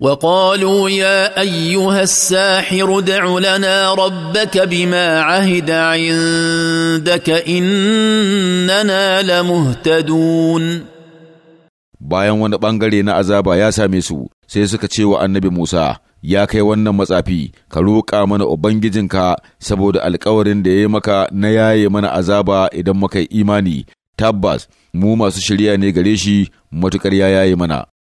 وقالوا يا ايها الساحر دع لنا ربك بما عهد عندك اننا لمهتدون bayan wani ɓangare na azaba ya same su sai suka ce wa annabi Musa ya kai wannan matsafi ka roƙa mana ubangijinka saboda alkawarin da ya yi maka na yaye mana azaba idan muka yi imani tabbas mu masu shirya ne gare shi matukar ya yaye mana